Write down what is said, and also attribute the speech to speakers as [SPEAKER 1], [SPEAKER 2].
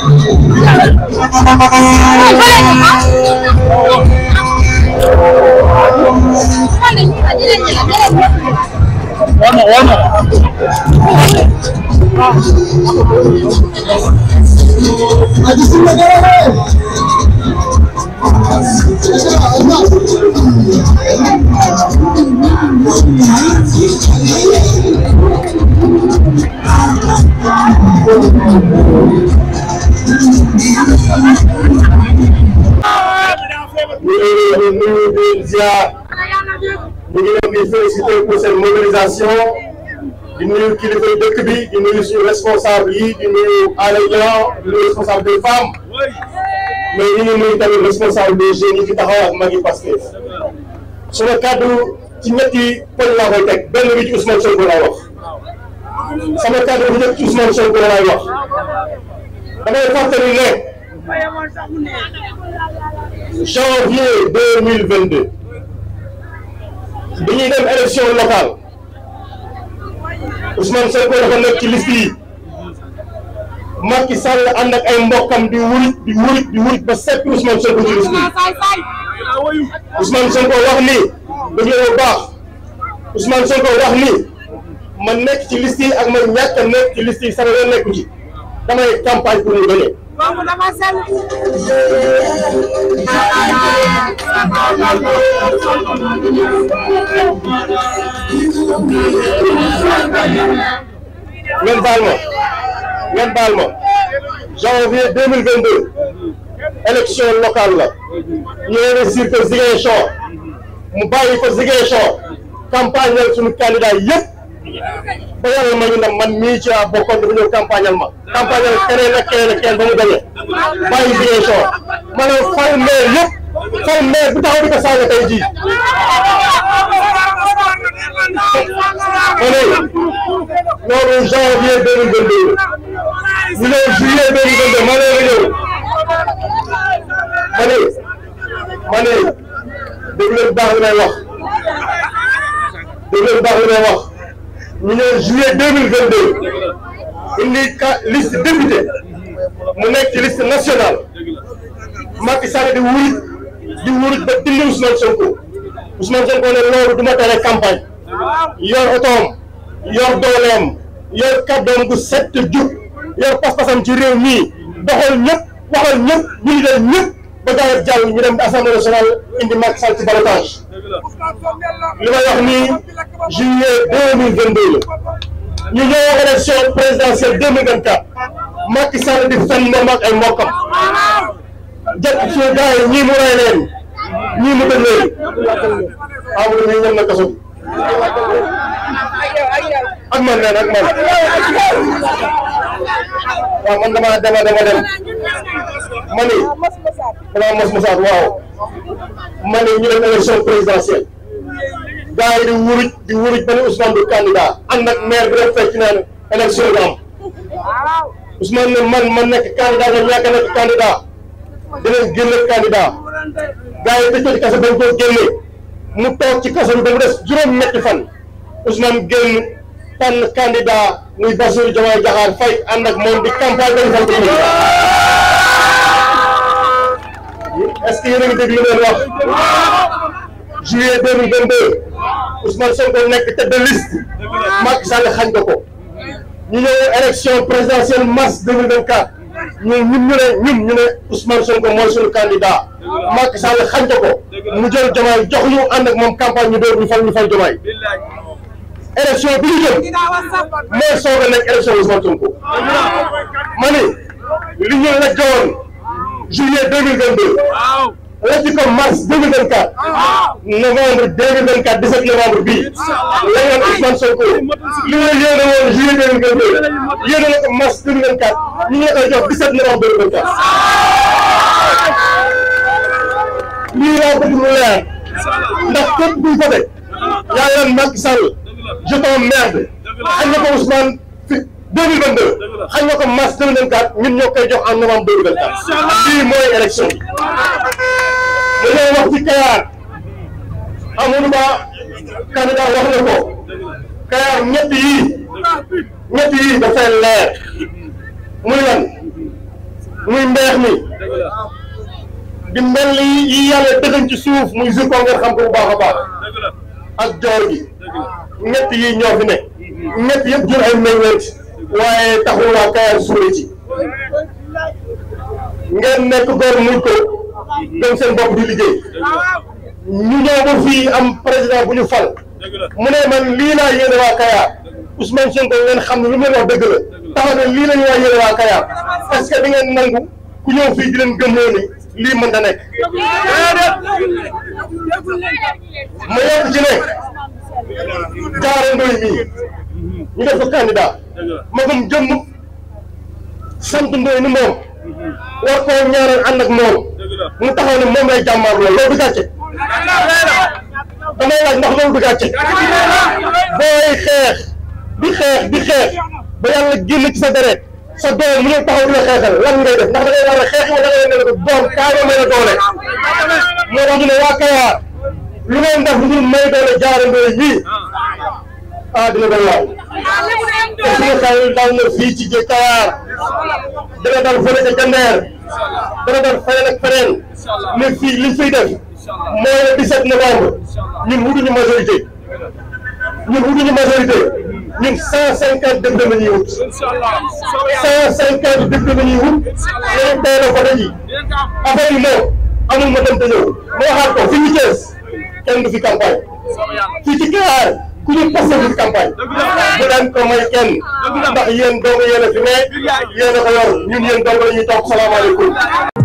[SPEAKER 1] warma warma aji sinna garare Thank you. ñu
[SPEAKER 2] ngi leen di féliciter pour seen mobilisation di nuyu kilifa dëkk bi di nuyu suñu responsable yi di nuyu Alé Niang di nuyu responsable des femmes mais ñu ngi nuyu tamit responsable des jeunes yi fi taxaw ak mag yi Pastef sama kàddu ci ñetti poñ laa koy teg benn bi ci Ousmane Sonko laay wax
[SPEAKER 1] sama kàddu bu njëkk ci Ousmane Sonko laay wax damay fàttali ne
[SPEAKER 2] janvier deux mille vingt deux bi ñuy dem élection locale Ousmane Sonko dafa nekk ci liste yi Macky Sall ànd ak ay mbokkam di wurit di wurit di wurit ba sepp Ousmane Sonko ci wax ni dañu leen baax Ousmane Sonko wax ni ma nekk ci liste yi ak ma ñàkk a nekk ci liste yi sama yoon ci. damay campagne pour ñu gagné.
[SPEAKER 1] boobu dama sell. ngeen baal ma ngeen baal ma
[SPEAKER 2] janvier deux mille vingt deux élection locale la
[SPEAKER 1] ñu investir ko Ziguinchor
[SPEAKER 2] mu bàyyi ko Ziguinchor campagne suñu candidat ba yàlla ma ñu ndam man mii ci bokkoon dafa ñëw campagnal ma campagnal keneen ak keneen ak keneen ba mu gañee bàyyi jigéen soo maanaam fal maire yëpp fal maire bu taxaw di ko saaga tey jii
[SPEAKER 1] ma ne loolu janvier deux mille vingt deux ñu ma ne la ma ne
[SPEAKER 2] ma ne dégg baax li wax dégg baax li wax ñu ne juillet deux mille vingt indi ka liste député mu nekk ci liste nationale Macky Sall di wurit di wurit ba dindi Ousmane Sonko Ousmane Sonko ne loolu du ma tere campagne yor otoom yor dooleem yor kàddoom gu set jub yor pas-pasam ci réew mii doxal ñëpp waxal ñëpp ñu ngi ñëpp. peut-être jàll ñu dem ba assemblée nationale indi Macky Sall ci ballottage li may wax nii juillet deux mille vingt deux la ñu ñëw élection présidentielle deux mille vingt quatre Macky Sall di fenn na mag ay mbokkam jàpp suñu gars yi ñii mu rey leen ñii mu tëj leen amul ñu ñem na kaso
[SPEAKER 1] bi ak man leen ak man
[SPEAKER 2] waaw man dama dama dama dem
[SPEAKER 1] ma ne balaa mos mosaat waaw
[SPEAKER 2] ma ne ñu dem élection présidentielle gars di wuruj di wuruj ba ne Ousmane du candidat ànd ak maire bi rek fekk naa ne élection
[SPEAKER 1] ne man man
[SPEAKER 2] nekk candidat nga ñàkk a nekk candidat dinañ génne candidat gars yi dañ ko ci kaso dañ génne mu toog ci kaso bi des juróom-ñetti fan Ousmane génn tànn candidat muy Bassirou Diomaye Diakhar Faye ànd ak moom di campagne dañ fal ko est-ce que yéen a ngi dégg lu leen wax juillet 2022 Ousmane Sonko nekk tête de liste Macky Sall xañ ñu ñu ne ñun Sonko mooy suñu candidat Macky Sall xañ ko ko mu jël Diomaye jox ñu ànd moom campagne ñu door ñu fal ñu fal Diomaye élection bi ñu jëm
[SPEAKER 1] nekk élection Ousmane
[SPEAKER 2] Sonko ma li ñu la joxoon juillet 2022. waaw la ci ko mars 2024. waaw novembre 2024 17 novembre bii. la ngeen Ousmane Sonko li nga yéene woon juillet 2022 yéene la ko mars 2024 ñu ngi la koy jox 17 novembre 2024. lii laa bëgg mu leer ndax képp kuy voté yaa leen Macky Sall je t'emmerde. ak na ko Ousmane. 2022 xañ na ko mars 2024 ñun ñoo koy jox en novembre 2024 lii mooy élection bi dañoo wax ci Kayar Amadou Ba candidat wax na ko Kayar ñett yii ñett yii dafay leer muy lan muy mbeex mi di mel ni yi yàlla dëgëñ ci suuf muy jur ko ngeen xam ko baax baax ak joor gi ñett yii ñoo fi ne ñett yëpp jur ay meññeent waaye taxul waa Kayar suuri ci
[SPEAKER 1] ngeen nekk góor muñ ko
[SPEAKER 2] gëm seen bopp di liggéey ñu ñëw ba fii am président bu ñu fal mu ne man lii laa yéene waa Kayar Ousmane Sonko ngeen xam ne lu mu leen wax dëgg la taxaw lii la ñu waa yéene waa Kayar est-ce que di ngeen nangu ku ñëw fii di leen gëmloo ni lii mën da nekk ma yokk ci ne jaare ndoy mii ñu def ko candidat magum jëmm sant Ndoye ni moom war koo ñaanal ànd ak moom mu taxaw ne moom lay jàmmaar loolu loolu gàcce damay xeex di xeex di xeex ba yàlla génn ci sa deret sa doom mu ñëw taxaw di la xeexal lan ngay def ndax da a xeex wala da ngay ne doom kaa la doole moo tax ñu waa Kayar lu ngeen def lu may doole jaarandoo yii ah dina dal waaw te su nga sal dal na fii ci géej Kawaar dina dal fële ca Jandeer dina dal ak feneen ne fii li fiy def mooy le novembre ñun wutuñu majorité ñun wutuñu majorité ñun 150 députés la ñuy wut 150 députés la ñuy wut loolu a voté ji affaire yi moom amul ma dem te ñëw ma waxaat ko fii ñu kenn du fi campagne ci Kawaar kii passé bi campagne bu leen ko may kenn ndax yéen dong yéen a fi ne yéen a ko yor ñun yéen dong la ñuy toog salaamaaleykum